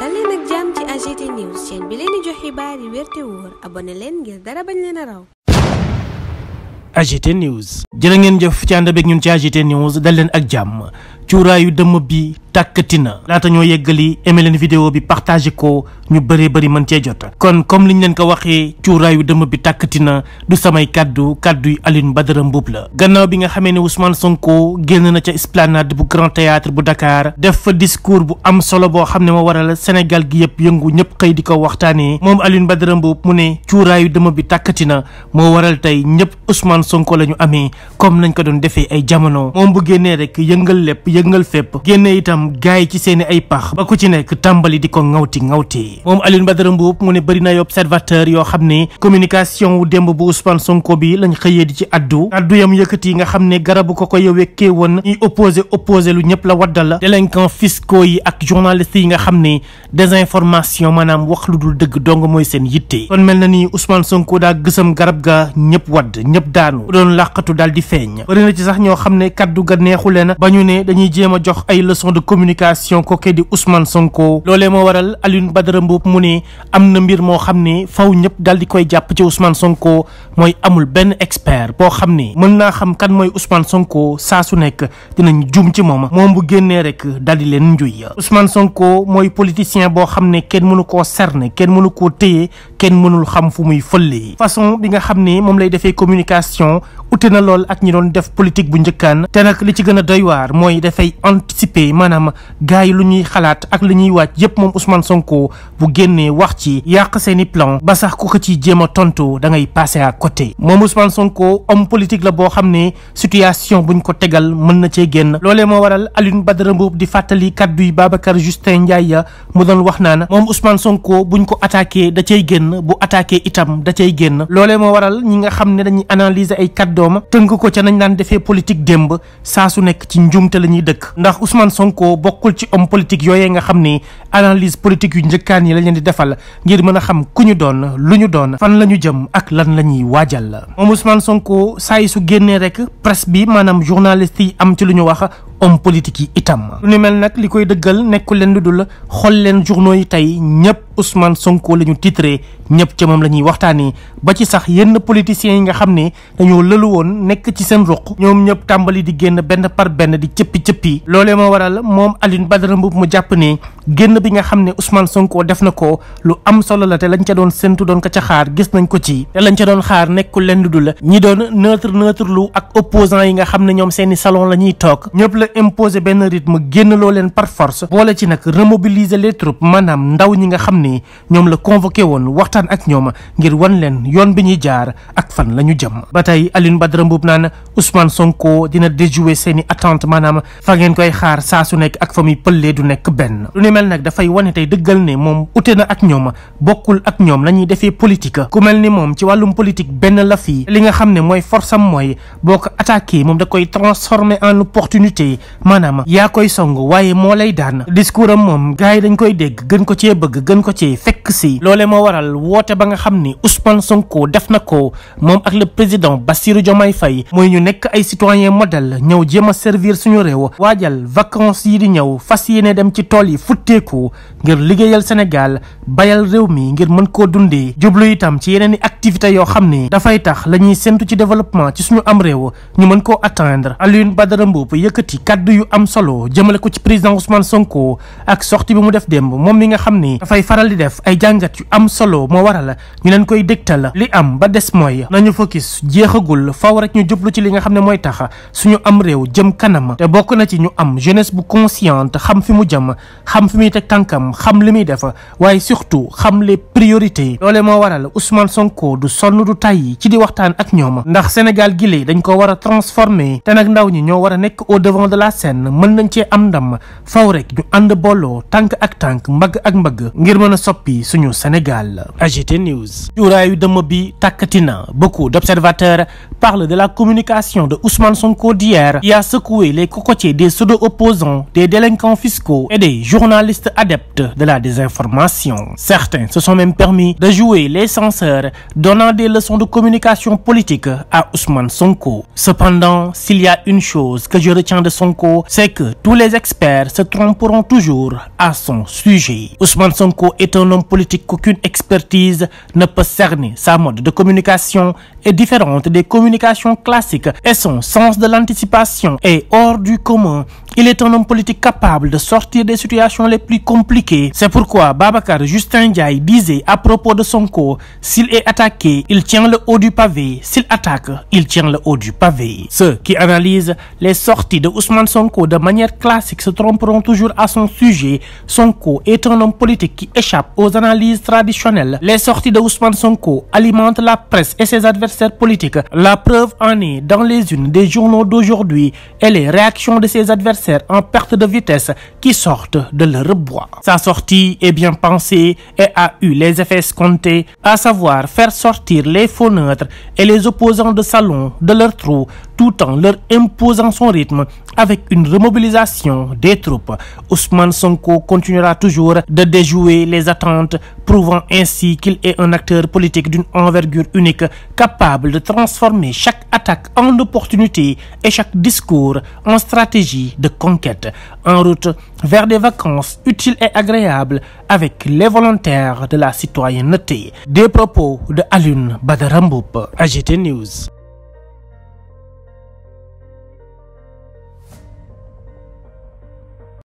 dal leen ak jàmm ci AGT news chaîne bi leen di jox xibaar te wóor abonné leen dara bañ leen a raw. AGT news. jërë ngeen jëf ci ànd beeg ñun ci AGT news dal leen ak jàmm. cuuraayu dëmm bi tàkkati na laata ñoo yeggali aimé leen vidéo bi partagé ko ñu bëree bëri man cee jot kon comme liñ leen ko waxee cuuraayu dëmm bi tàkkati na du samay kàddu kàddu yu Alioune Badara Mboup la gannaaw bi nga xamee ne Ousmane Sonko génn na ca esplanade bu Grand Théâtre bu Dakar def fa discours bu am solo boo xam ne ma waral Sénégal yëpp yëngu ñëpp xëy di ko waxtaanee moom aline Badara Mboup mu ne cuuraayu dëmm bi tàkkati na moo waral tey ñëpp Ousmane Sonko la ñu amee comme nañ ko doon defee ay jamono moom bu génnee rek yëngal lépp yëngal fépp génne itam gaay ci seeni ay pax ba ku ci nekk tàmbali di ko ŋawti ŋawti moom Alioune Badara Mboup mu ne bëri na ay observateur yoo xam ne communication wu démb bu Ousmane Sonko bi lañ xëyee di ci addu addu yam yëkkati yi nga xam ne garabu ko ko yewekkee woon ñuy opposé opposé lu ñëpp la waddal délinquants fiscaux yi ak journalistes yi nga xam ne désinformation maanaam wax lu dul dëgg dong mooy seen yitte kon mel na ni Ousmane Sonko daa gësam garab ga ñëpp wadd ñëpp daanu doon làqatu daal di feeñ bëri na ci ñuy jéem a jox ay leçon de communication kooke di Ousmane Sonko loolee moo waral Alioune Badara mu ne am na mbir moo xam ne faw ñëpp daal di koy jàpp ci Ousmane Sonko mooy amul benn expert boo xam ne mën naa xam kan mooy usman Sonko saa su nekk dinañ juum ci moom moom bu génnee rek daal di leen njuy Ousmane Sonko mooy politicien boo xam ne kenn mënu koo serne kenn mënu koo téye kenn mënul xam fu muy fëllee façon bi nga xam ne moom lay defee communication ute na lool dafay anticiper maanaam gars yi lu ñuy xalaat ak lu ñuy wàcc yépp moom Ousmane Sonko bu génnee wax ci yàq seeni plan ba sax ku ko ciy jéem a tontu da ngay passé à côté moom usmaan Sonko homme politique la boo xam ne situation bu buñ ko tegal mën na cee génn loole moo waral Alioune Badara Mboup di fàttali kaddu yi Babacar Justin Ndiaye ya mu doon wax naan moom Ousmane Sonko buñ ko attaquer da cay génn bu attaqué itam da cay génn loolee moo waral ñi nga xam ne dañuy analyser ay kaddoom tënk ko ca nañ naan defee politique démb saa ci njuumte dëkk ndax Ousmane Sonko bokkul ci homme politique yooyee nga xam ni analyse politique yu njëkkaan yi lañ leen di defal ngir mën a xam ku ñu doon lu ñu doon fan la ñu jëm ak lan la ñuy waajal moom Ousmane Sonko saa su génnee rek presse bi maanaam journaliste yi am ci lu ñu wax homme politique yi itam. lu ni mel nag li koy dëggal nekkul leen du la xool leen journaux yi tey ñëpp Ousmane Sonko la ñu titré ñëpp ca moom la ñuy waxtaanee ba ci sax yenn politiciens yi nga xam ne dañoo lëlu woon nekk ci seen ruq. ñoom ñëpp tàmbali di génn benn par benn di cëppi cëppi. loolee moo waral moom Alioune Badara Mboup mu jàpp ne génn bi nga xam ne Ousmane Sonko def na ko lu am solo la te lañ ca doon séntu doon ko ca xaar gis nañ ko ci. te lañ ca doon xaar nekkul leen lu dul ñi doon neutre neutre lu ak opposants yi nga xam ne ñoom seen i salon la ñuy toog ñëpp la imposer benn rythme génnaloo leen par force boole ci nag remobiliser les troupes maanaam ndaw ñi nga xam ni ñoom la convoqué woon waxtaan ak ñoom ngir wan leen yoon bi ñuy jaar ak fan la ñu jëm ba tey Alioune Badara Mboup naan Ousmane Sonko dina déjouer seeni attente maanaam fa ngeen koy xaar saa su nekk ak fa muy pëllee du nekk benn lu ni mel nag dafay wane tey dëggal ne moom ute na ak ñoom bokkul ak ñoom la ñuy defee politique ku mel ni moom ci wàllum politique benn la fii li nga xam ne mooy force am mooy boo ko attaqué yi maanaam yaa koy song waaye moo lay daan discours am moom gars yi dañ koy dégg gën ko cee bëgg gën ko cee fekk si loole moo waral woote ba nga xam ni Ousmane Sonko def na ko moom ak le président Bassirou Diomaye Faye mooy ñu nekk ay citoyen modèle ñëw jéem a servir suñu réew waajal vacances yi di ñëw fas yéene dem ci tool yi futteeku ngir liggéeyal Sénégal bayal réew mii ngir mën koo dundee jublu itam ci yeneen i activités yoo xam ni dafay tax la ñuy ci développement ci suñu am réew kaddu yu am solo jëmale ko ci président Ousmane Sonko ak sortie bi mu def démb moom mi nga xam ni dafay faral di def ay jàngat yu am solo moo waral ñu leen koy la li am ba des mooy nañu focus jeexagul faw rek ñu jublu ci li nga xam ne mooy tax suñu am réew jëm kanam te bokk na ci ñu am jeunesse bu consciente xam fi mu jëm xam fi muy teg tànkam xam li muy def waaye surtout xam les priorités loole moo waral Ousmane Sonko du sonn du tàyyi ci di waxtaan ak ñoom ndax Sénégal gi dañ ko war a de la Seine mën nañ cee am ndam faw rek ñu ànd booloo tànk ak tànk mbag ak mbag ngir mën a soppi suñu Sénégal AGT News cuuraayu dëmm bi tàkkati na beaucoup d'observateurs parlent de la communication de Ousmane Sonko d'hier qui a secoué les cocotiers des pseudo-opposants des délinquants fiscaux et des journalistes adeptes de la désinformation certains se sont même permis de jouer les censeurs donnant des leçons de communication politique à Ousmane Sonko cependant s'il y a une chose que je son Sonko, c'est que tous les experts se tromperont toujours à son sujet. Ousmane Sonko est un homme politique qu'aucune expertise ne peut cerner. Sa mode de communication est différente des communications classiques et son sens de l'anticipation est hors du commun. Il est un homme politique capable de sortir des situations les plus compliquées. C'est pourquoi Babacar Justin Ndiaye disait à propos de Sonko, s'il est attaqué, il tient le haut du pavé, s'il attaque, il tient le haut du pavé. Ceux qui analysent les sorties de Ousmane Sonko de manière classique se tromperont toujours à son sujet. Sonko est un homme politique qui échappe aux analyses traditionnelles. Les sorties de Ousmane Sonko alimentent la presse et ses adversaires La preuve en est dans de ses adversaires adversaires en perte de vitesse qui sortent de leur bois. Sa sortie est bien pensée et a eu les effets escomptés, à savoir faire sortir les faux neutres et les opposants de salon de leur trou tout en leur imposant son rythme avec une remobilisation des troupes. Ousmane Sonko continuera toujours de déjouer les attentes, prouvant ainsi qu'il est un acteur politique d'une envergure unique, capable de transformer chaque attaque en opportunité et chaque discours en stratégie de conquête. En route vers des vacances utiles et agréables avec les volontaires de la citoyenneté. Des propos de Alioune Badara